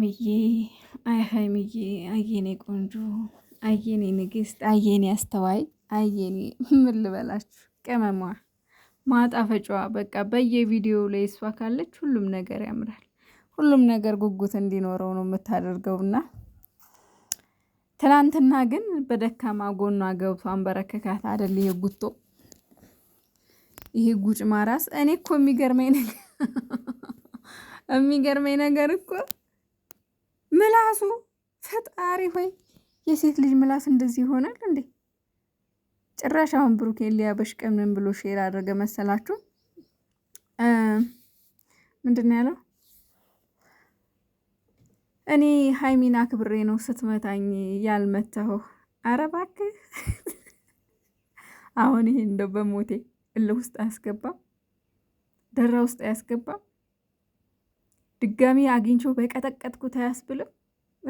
ምዬ አይ ሀይምዬ፣ አየኔ ቆንጆ፣ አየኔ ንግስት፣ አየኔ አስተዋይ፣ አየኔ ምን ልበላችሁ፣ ቅመሟ ማጣፈጫዋ፣ በቃ በየቪዲዮው ላይ እሷ ካለች ሁሉም ነገር ያምራል። ሁሉም ነገር ጉጉት እንዲኖረው ነው የምታደርገውና ትናንትና ግን በደካማ ጎኗ ገብቶ አንበረከካት አይደል? ይሄ ጉቶ ይሄ ጉጭ ማራስ። እኔ እኮ የሚገርመኝ ነገር የሚገርመኝ ነገር እኮ ምላሱ ፈጣሪ ሆይ የሴት ልጅ ምላስ እንደዚህ ይሆናል እንዴ? ጭራሽ አሁን ብሩኬ ሊያበሽቀን ብሎ ሼር አድርገ መሰላችሁ? ምንድን ያለው? እኔ ሀይሚና አክብሬ ነው ስትመታኝ ያልመታሁ። አረ እባክህ አሁን ይሄ እንደው በሞቴ እልህ ውስጥ አያስገባም፣ ደራ ውስጥ አያስገባም። ድጋሚ አግኝቼው በቀጠቀጥኩት አያስብልም?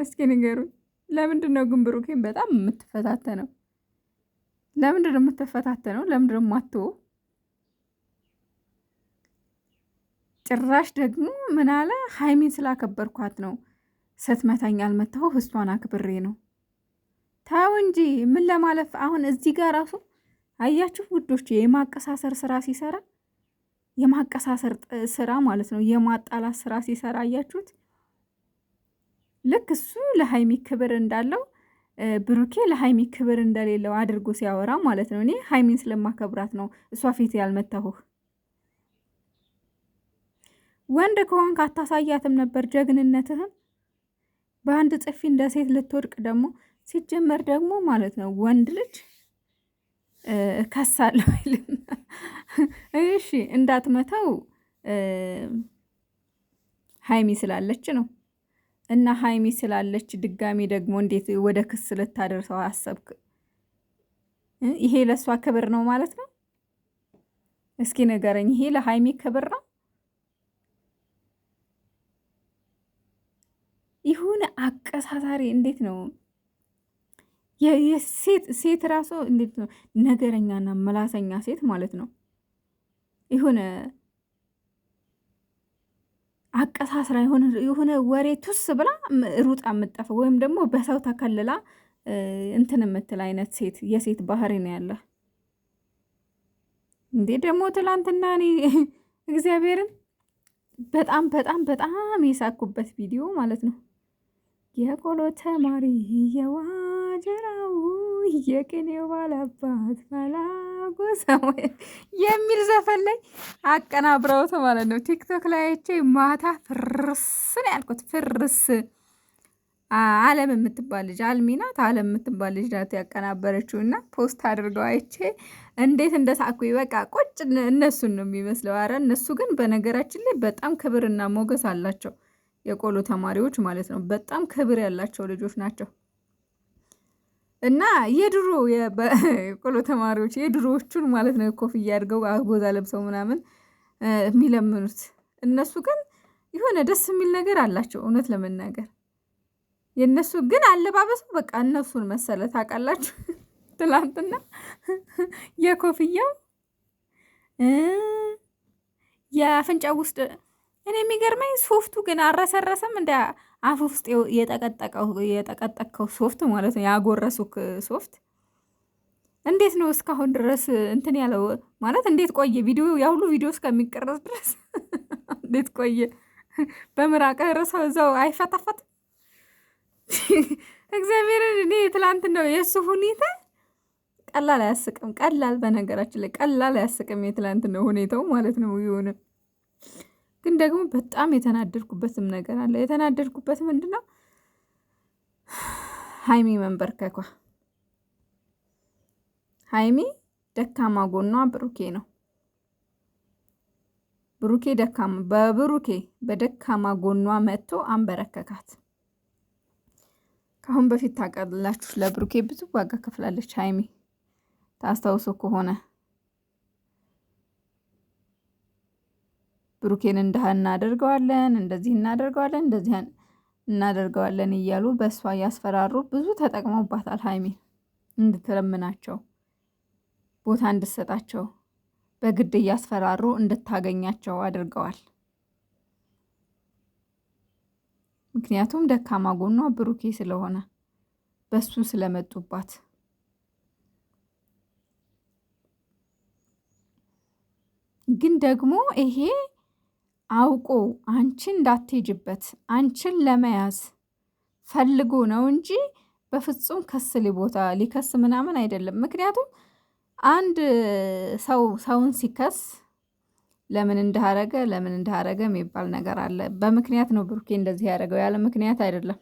እስኪ ንገሩኝ። ለምንድን ነው ግን ብሩኬን በጣም የምትፈታተነው? ለምንድን ነው የምትፈታተነው? ለምንድን ነው የማትወው? ጭራሽ ደግሞ ምን አለ? ሀይሚን ስላከበርኳት ነው ስትመታኝ አልመታሁ እሷን አክብሬ ነው። ተው እንጂ ምን ለማለፍ አሁን እዚህ ጋር ራሱ አያችሁ ውዶች፣ የማቀሳሰር ስራ ሲሰራ የማቀሳሰር ስራ ማለት ነው፣ የማጣላት ስራ ሲሰራ አያችሁት። ልክ እሱ ለሀይሚ ክብር እንዳለው ብሩኬ ለሀይሚ ክብር እንደሌለው አድርጎ ሲያወራ ማለት ነው። እኔ ሀይሚን ስለማከብራት ነው እሷ ፊት ያልመታሁህ። ወንድ ከሆንክ አታሳያትም ነበር ጀግንነትህም። በአንድ ጥፊ እንደ ሴት ልትወድቅ ደግሞ ሲጀመር ደግሞ ማለት ነው ወንድ ልጅ እከሳለሁ አይልም እሺ እንዳትመታው ሀይሚ ስላለች ነው። እና ሀይሚ ስላለች ድጋሚ ደግሞ እንዴት ወደ ክስ ልታደርሰው አሰብክ? ይሄ ለእሷ ክብር ነው ማለት ነው? እስኪ ንገረኝ፣ ይሄ ለሀይሚ ክብር ነው? ይሁን አቀሳሳሪ እንዴት ነው? ሴት ራሱ እንዴት ነው ነገረኛና መላሰኛ ሴት ማለት ነው። የሆነ አቀሳስራ የሆነ ወሬ ቱስ ብላ ሩጣ የምጠፈ ወይም ደግሞ በሰው ተከልላ እንትን የምትል አይነት ሴት የሴት ባህሪ ነው ያለ። እንዴ ደግሞ ትላንትና እኔ እግዚአብሔርን በጣም በጣም በጣም የሳኩበት ቪዲዮ ማለት ነው የቆሎ ተማሪ የዋ ጀራው የቅኔው ባላባት የሚል ዘፈን ላይ አቀናብረውት ማለት ነው። ቲክቶክ ላይ አይቼ ማታ ፍርስ ነው ያልኩት። ፍርስ አለም የምትባል ልጅ አልሚ ናት። አለም የምትባል ልጅ ናት ያቀናበረችው እና ፖስት አድርገው አይቼ እንዴት እንደሳኩ በቃ ቁጭ እነሱን ነው የሚመስለው። አረ እነሱ ግን በነገራችን ላይ በጣም ክብርና ሞገስ አላቸው። የቆሎ ተማሪዎች ማለት ነው። በጣም ክብር ያላቸው ልጆች ናቸው። እና የድሮ የቆሎ ተማሪዎች የድሮዎቹን ማለት ነው ኮፍያ አድርገው አጎዛ ለብሰው ምናምን የሚለምኑት እነሱ ግን የሆነ ደስ የሚል ነገር አላቸው። እውነት ለመናገር የእነሱ ግን አለባበሱ በቃ እነሱን መሰለ። ታውቃላችሁ፣ ትላንትና የኮፍያው የአፍንጫ ውስጥ እኔ የሚገርመኝ ሶፍቱ ግን አረሰረሰም እንደ አፍ ውስጥ የጠቀጠቀው ሶፍት ማለት ነው። ያጎረሱክ ሶፍት እንዴት ነው እስካሁን ድረስ እንትን ያለው ማለት እንዴት ቆየ? ቪዲዮ ያሁሉ ቪዲዮ እስከሚቀረጽ ድረስ እንዴት ቆየ? በምራቀ ረሰው እዛው አይፈታፈትም። እግዚአብሔርን እኔ ትላንት ነው የእሱ ሁኔታ ቀላል አያስቅም። ቀላል በነገራችን ላይ ቀላል አያስቅም። የትላንት ነው ሁኔታው ማለት ነው የሆነ ግን ደግሞ በጣም የተናደድኩበትም ነገር አለ። የተናደድኩበት ምንድን ነው? ሀይሚ መንበርከኳ። ሀይሚ ደካማ ጎኗ ብሩኬ ነው። ብሩኬ ደካማ በብሩኬ በደካማ ጎኗ መጥቶ አንበረከካት። ከአሁን በፊት ታውቃላችሁ፣ ለብሩኬ ብዙ ዋጋ ከፍላለች ሀይሚ ታስታውሶ ከሆነ ብሩኬን እንዲህ እናደርገዋለን፣ እንደዚህ እናደርገዋለን፣ እንደዚህ እናደርገዋለን እያሉ በእሷ እያስፈራሩ ብዙ ተጠቅመውባታል። ሀይሚ እንድትለምናቸው ቦታ እንድትሰጣቸው በግድ እያስፈራሩ እንድታገኛቸው አድርገዋል። ምክንያቱም ደካማ ጎኗ ብሩኬ ስለሆነ በሱ ስለመጡባት ግን ደግሞ ይሄ አውቆ አንቺ እንዳትሄጅበት አንቺን ለመያዝ ፈልጎ ነው እንጂ በፍጹም ከስሊ ሊቦታ ሊከስ ምናምን አይደለም። ምክንያቱም አንድ ሰው ሰውን ሲከስ ለምን እንዳረገ ለምን እንዳረገ የሚባል ነገር አለ። በምክንያት ነው ብሩኬ እንደዚህ ያደረገው፣ ያለ ምክንያት አይደለም።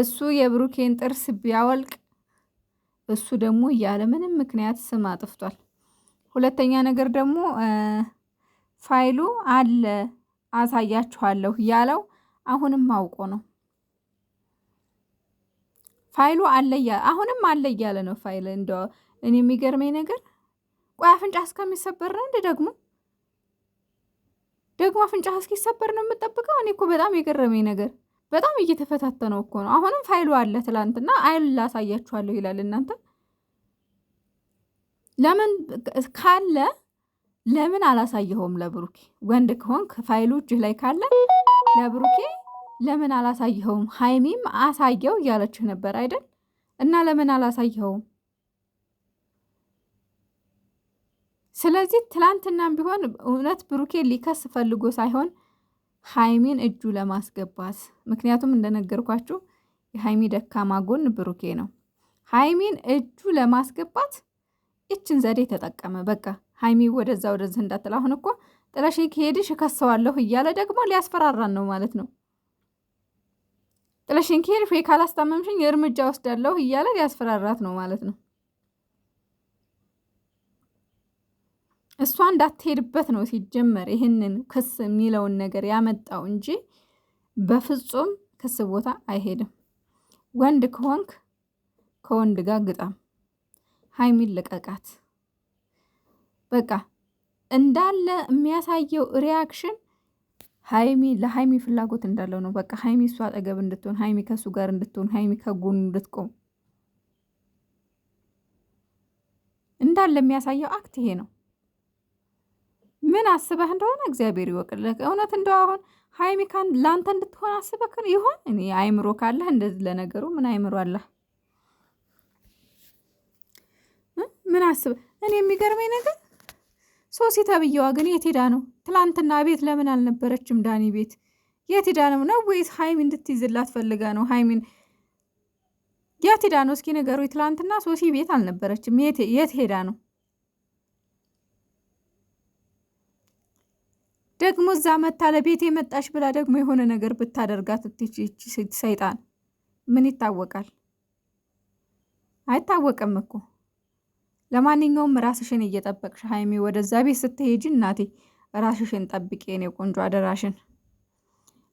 እሱ የብሩኬን ጥርስ ቢያወልቅ እሱ ደግሞ ያለ ምንም ምክንያት ስም አጥፍቷል። ሁለተኛ ነገር ደግሞ ፋይሉ አለ አሳያችኋለሁ ያለው አሁንም አውቆ ነው። ፋይሉ አለ አሁንም አለ እያለ ነው ፋይል። እንደ እኔ የሚገርመኝ ነገር ቆይ አፍንጫ እስከሚሰበር ነው እንደ ደግሞ ደግሞ አፍንጫ እስኪሰበር ነው የምጠብቀው። እኔ እኮ በጣም የገረመኝ ነገር በጣም እየተፈታተነው እኮ ነው። አሁንም ፋይሉ አለ። ትላንትና አይል ላሳያችኋለሁ ይላል። እናንተ ለምን ካለ ለምን አላሳየኸውም ለብሩኬ? ወንድ ከሆንክ ፋይሉ እጅህ ላይ ካለ ለብሩኬ ለምን አላሳየኸውም? ሀይሚም አሳየው እያለችህ ነበር አይደል? እና ለምን አላሳየኸውም? ስለዚህ ትላንትናም ቢሆን እውነት ብሩኬ ሊከስ ፈልጎ ሳይሆን ሀይሚን እጁ ለማስገባት ምክንያቱም እንደነገርኳችሁ የሀይሚ ደካማ ጎን ብሩኬ ነው። ሀይሚን እጁ ለማስገባት ይችን ዘዴ ተጠቀመ በቃ። ሀይሚ ወደዛ ወደዚህ እንዳትል። አሁን እኮ ጥለሽ ከሄድሽ እከሰዋለሁ እያለ ደግሞ ሊያስፈራራን ነው ማለት ነው። ጥለሽን ከሄድሽ ወይ ካላስታመምሽኝ እርምጃ ወስዳለሁ እያለ ሊያስፈራራት ነው ማለት ነው። እሷ እንዳትሄድበት ነው ሲጀመር ይህንን ክስ የሚለውን ነገር ያመጣው እንጂ በፍጹም ክስ ቦታ አይሄድም። ወንድ ከሆንክ ከወንድ ጋር ግጣም፣ ሀይሚን ልቀቃት። በቃ እንዳለ የሚያሳየው ሪያክሽን ሀይሚ ለሀይሚ ፍላጎት እንዳለው ነው። በቃ ሀይሚ እሱ አጠገብ እንድትሆን፣ ሀይሚ ከእሱ ጋር እንድትሆን፣ ሀይሚ ከጎኑ እንድትቆም እንዳለ የሚያሳየው አክት ይሄ ነው። ምን አስበህ እንደሆነ እግዚአብሔር ይወቅልህ። እውነት እንደው አሁን ሀይሚ ለአንተ እንድትሆን አስበህ ይሆን? እኔ አይምሮ ካለህ እንደዚህ ለነገሩ ምን አይምሮ አለህ? ምን አስበህ እኔ የሚገርመኝ ነገር ሶሲ ተብዬዋ ግን የቴዳ ነው? ትላንትና ቤት ለምን አልነበረችም? ዳኒ ቤት የቴዳ ነው? ነው ወይስ ሀይሚ እንድትይዝላት ፈልጋ ነው? ሀይሚን የት ነው? እስኪ ነገሩ ትላንትና ሶሲ ቤት አልነበረችም። የት ሄዳ ነው? ደግሞ እዛ መታ ለቤት የመጣሽ ብላ ደግሞ የሆነ ነገር ብታደርጋት ሰይጣን ምን ይታወቃል? አይታወቅም እኮ ለማንኛውም ራስሽን እየጠበቅሽ ሀይሚ ወደዛ ቤት ስትሄጂ እናቴ ራስሽን ጠብቂ የኔ ቆንጆ አደራሽን።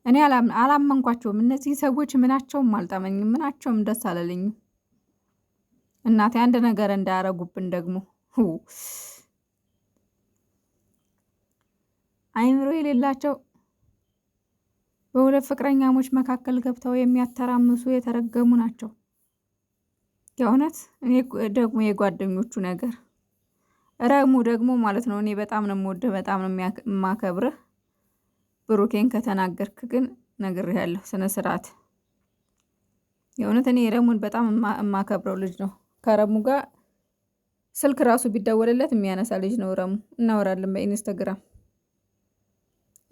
እኔ አላመንኳቸውም እነዚህ ሰዎች ምናቸውም አልጣመኝም፣ ምናቸውም ደስ አላለኝም። እናቴ አንድ ነገር እንዳያረጉብን ደግሞ አይምሮ የሌላቸው በሁለት ፍቅረኛሞች መካከል ገብተው የሚያተራምሱ የተረገሙ ናቸው። የእውነት እኔ ደግሞ የጓደኞቹ ነገር ረሙ ደግሞ ማለት ነው። እኔ በጣም ነው የምወደህ በጣም ነው የማከብርህ። ብሩኬን ከተናገርክ ግን ነግሬሃለሁ፣ ስነ ስርዓት። የእውነት እኔ ረሙን በጣም የማከብረው ልጅ ነው። ከረሙ ጋር ስልክ ራሱ ቢደወልለት የሚያነሳ ልጅ ነው ረሙ። እናወራለን በኢንስተግራም።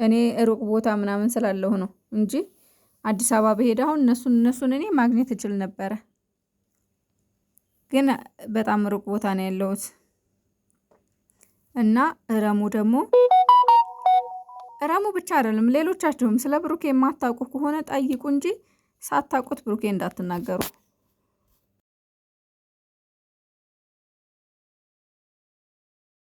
እኔ ሩቅ ቦታ ምናምን ስላለሁ ነው እንጂ አዲስ አበባ በሄድ አሁን እነሱን እነሱን እኔ ማግኘት እችል ነበረ። ግን በጣም ሩቅ ቦታ ነው ያለሁት እና ረሙ ደግሞ ረሙ ብቻ አይደለም፣ ሌሎቻችሁም ስለ ብሩኬ የማታውቁ ከሆነ ጠይቁ እንጂ ሳታውቁት ብሩኬ እንዳትናገሩ።